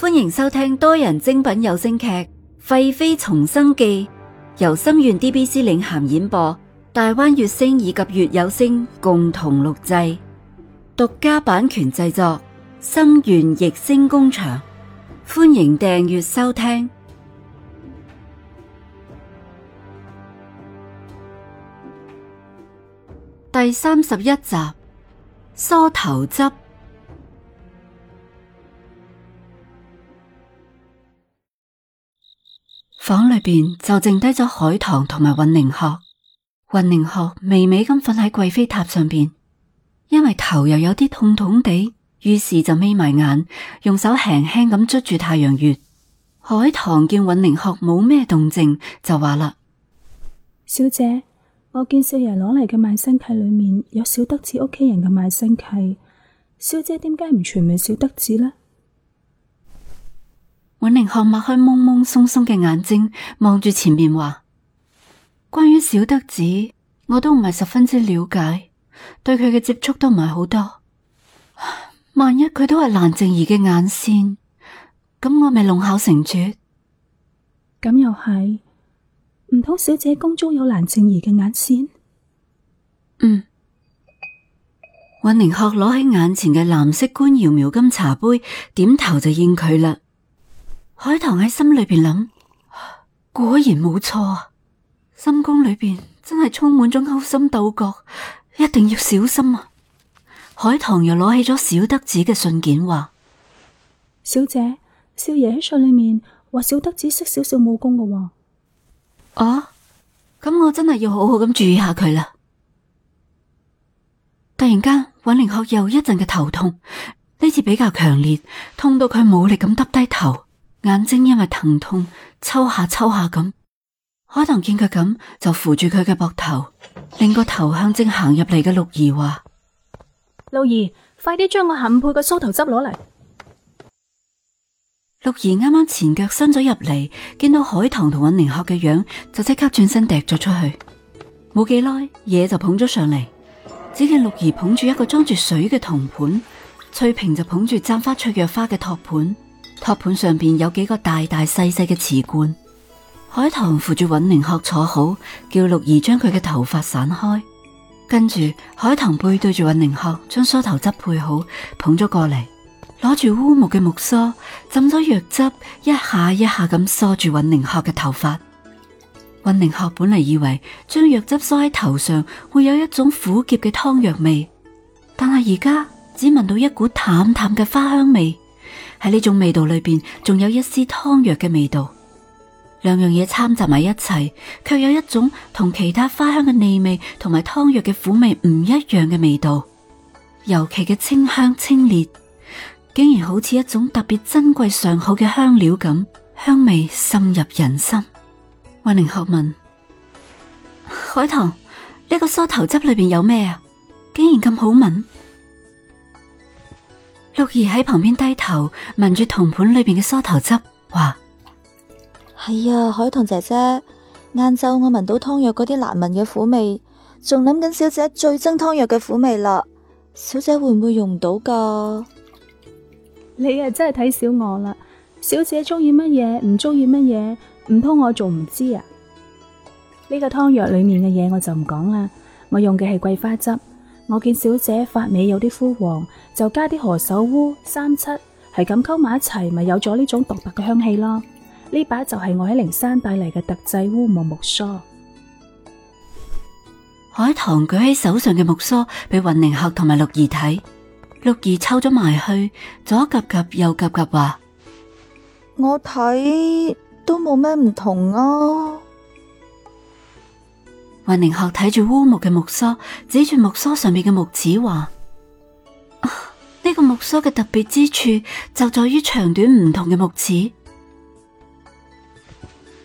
歡迎收聽多人精品有聲劇《廢妃重生記》，由心願 DBC 領銜演播，大灣月星以及月有聲共同錄製，獨家版權製作，心願逸星工廠。歡迎訂閱收聽第三十一集梳頭汁。房裏邊就剩低咗海棠同埋允寧鶴，允寧鶴微微咁瞓喺貴妃榻上邊，因為頭又有啲痛痛地，於是就眯埋眼，用手輕輕咁捉住太陽穴。海棠見允寧鶴冇咩動靜，就話啦：小姐，我見少爺攞嚟嘅賣身契裏面有小德子屋企人嘅賣身契，小姐點解唔傳問小德子呢？尹寧鶴擘開蒙蒙鬆鬆嘅眼睛，望住前面話：關於小德子，我都唔係十分之了解，對佢嘅接觸都唔係好多。萬一佢都係蘭靜兒嘅眼線，咁我咪弄巧成拙。咁又係，唔通小姐宮中有蘭靜兒嘅眼線？嗯。尹寧鶴攞起眼前嘅藍色官窯描金茶杯，點頭就應佢啦。海棠喺心裏邊諗，果然冇錯啊！深宮裏邊真係充滿咗勾心鬥角，一定要小心啊！海棠又攞起咗小德子嘅信件，話小姐，少爺喺信裡面話小德子識少少武功嘅話，啊咁，我真係要好好咁注意下佢啦。突然間，尹玲學又一陣嘅頭痛，呢次比較強烈，痛到佢冇力咁耷低頭。眼睛因為疼痛抽下抽下咁，海棠見佢咁就扶住佢嘅膊頭，令個頭向正行入嚟嘅六兒話：六兒快啲將我含配嘅梳頭汁攞嚟。六兒啱啱前腳伸咗入嚟，見到海棠同韻寧鶴嘅樣，就即刻轉身趯咗出去。冇幾耐嘢就捧咗上嚟，只見六兒捧住一個裝住水嘅銅盤，翠萍就捧住簪花芍藥花嘅托盤。托盤上邊有幾個大大細細嘅瓷罐，海棠扶住尹寧鶴坐好，叫六兒將佢嘅頭髮散開，跟住海棠背對住尹寧鶴，將梳頭汁配好，捧咗過嚟，攞住烏木嘅木梳，浸咗藥汁，一下一下咁梳住尹寧鶴嘅頭髮。尹寧鶴本嚟以為將藥汁梳喺頭上會有一種苦澀嘅湯藥味，但係而家只聞到一股淡淡嘅花香味。喺呢種味道裏邊，仲有一絲湯藥嘅味道，兩樣嘢摻雜埋一齊，卻有一種同其他花香嘅膩味同埋湯藥嘅苦味唔一樣嘅味道，尤其嘅清香清冽，竟然好似一種特別珍貴上好嘅香料咁，香味深入人心。溫寧學問，海棠，呢個梳頭汁裏邊有咩啊？竟然咁好聞！六兒喺旁邊低頭聞住銅盤裏邊嘅梳頭汁，話：係啊、哎，海棠姐姐，晏晝我聞到湯藥嗰啲難聞嘅苦味，仲諗緊小姐最憎湯藥嘅苦味啦。小姐會唔會用到噶？你啊真係睇小我啦！小姐中意乜嘢、唔中意乜嘢，唔通我仲唔知啊？呢、這個湯藥裏面嘅嘢我就唔講啦，我用嘅係桂花汁。我見小姐髮尾有啲枯黃，就加啲何首烏、三七，係咁溝埋一齊，咪有咗呢種獨特嘅香氣咯。呢把就係我喺靈山帶嚟嘅特製烏木木梳。海棠舉起手上嘅木梳，俾雲寧客同埋六兒睇，六兒抽咗埋去，左夾夾，右夾夾，話：我睇都冇咩唔同啊。萬寧鶴睇住烏木嘅木梳，指住木梳上面嘅木齒話：呢、啊這個木梳嘅特別之處就在於長短唔同嘅木齒。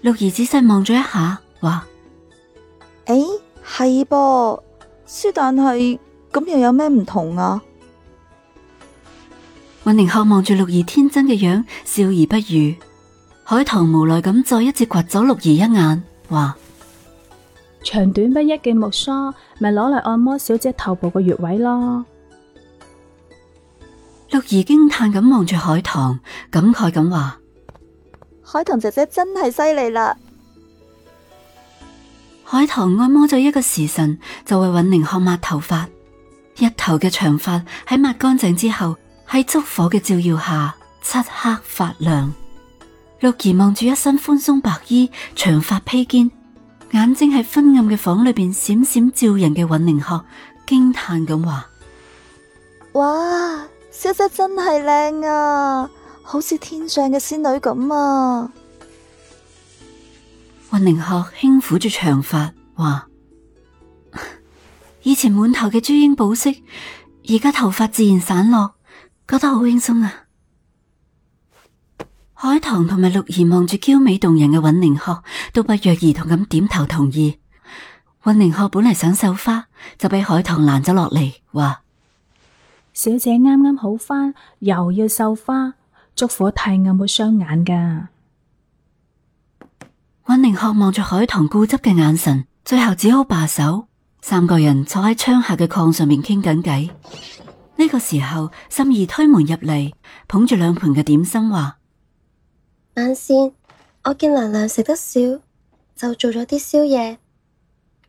六兒仔細望咗一下，話：誒、欸，係噃，但係咁又有咩唔同啊？萬寧鶴望住六兒天真嘅樣，笑而不語。海棠無奈咁再一次掘走六兒一眼，話。長短不一嘅木梳，咪攞嚟按摩小姐頭部個穴位咯。六兒驚嘆咁望住海棠，感慨咁話：海棠姐姐真係犀利啦！海棠按摩咗一個時辰，就為允寧漢抹頭髮。一頭嘅長發喺抹乾淨之後，喺燭火嘅照耀下，漆黑發亮。六兒望住一身寬鬆白衣、長髮披肩。眼睛喺昏暗嘅房裏邊閃閃照人嘅尹寧鶴驚嘆咁話：哇，小姐真係靚啊，好似天上嘅仙女咁啊！尹寧鶴輕撫住長髮，話：以前滿頭嘅珠英寶飾，而家頭髮自然散落，覺得好輕鬆啊！海棠同埋陸兒望住嬌美動人嘅尹寧鶴，都不約而同咁點頭同意。尹寧鶴本嚟想繡花，就俾海棠攔咗落嚟，話：小姐啱啱好返，又要繡花，燭火太暗會傷眼㗎。尹寧鶴望住海棠固執嘅眼神，最後只好罷手。三個人坐喺窗下嘅炕上面傾緊偈。呢個時候，心兒推門入嚟，捧住兩盤嘅點心，話。眼綫，我見娘娘食得少，就做咗啲宵夜，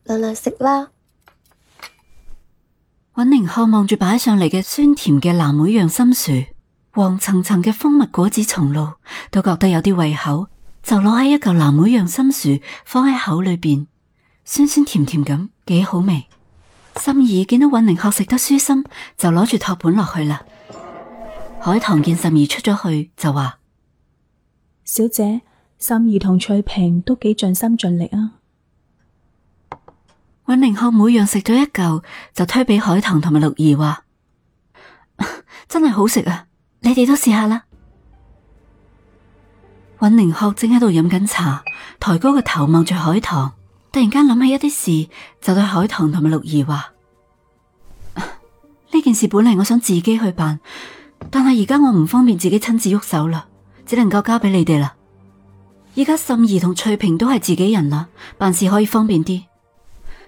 娘娘食啦。允寧學望住擺上嚟嘅酸甜嘅藍莓楊森薯、黃層層嘅蜂蜜果子松露，都覺得有啲胃口，就攞起一嚿藍莓楊森薯放喺口裏邊，酸酸甜甜咁，幾好味。心兒見到允寧學食得舒心，就攞住托盤落去啦。海棠見心兒出咗去，就話。小姐，心怡同翠萍都幾盡心盡力啊！允寧學每樣食咗一嚿，就推俾海棠同埋六兒話： 真係好食啊！你哋都試下啦。允寧學正喺度飲緊茶，抬高個頭望住海棠，突然間諗起一啲事，就對海棠同埋六兒話：呢 件事本嚟我想自己去辦，但係而家我唔方便自己親自喐手啦。只能夠交俾你哋啦。而家心儀同翠萍都係自己人啦，辦事可以方便啲。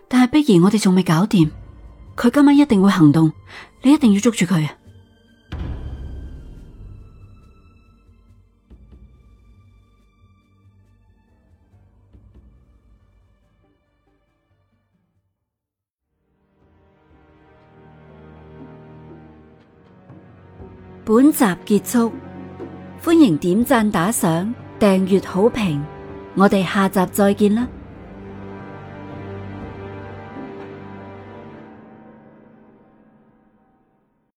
但係必然我哋仲未搞掂，佢今晚一定會行動，你一定要捉住佢。 本集結束。歡迎點讚、打賞、訂閱、好評，我哋下集再見啦！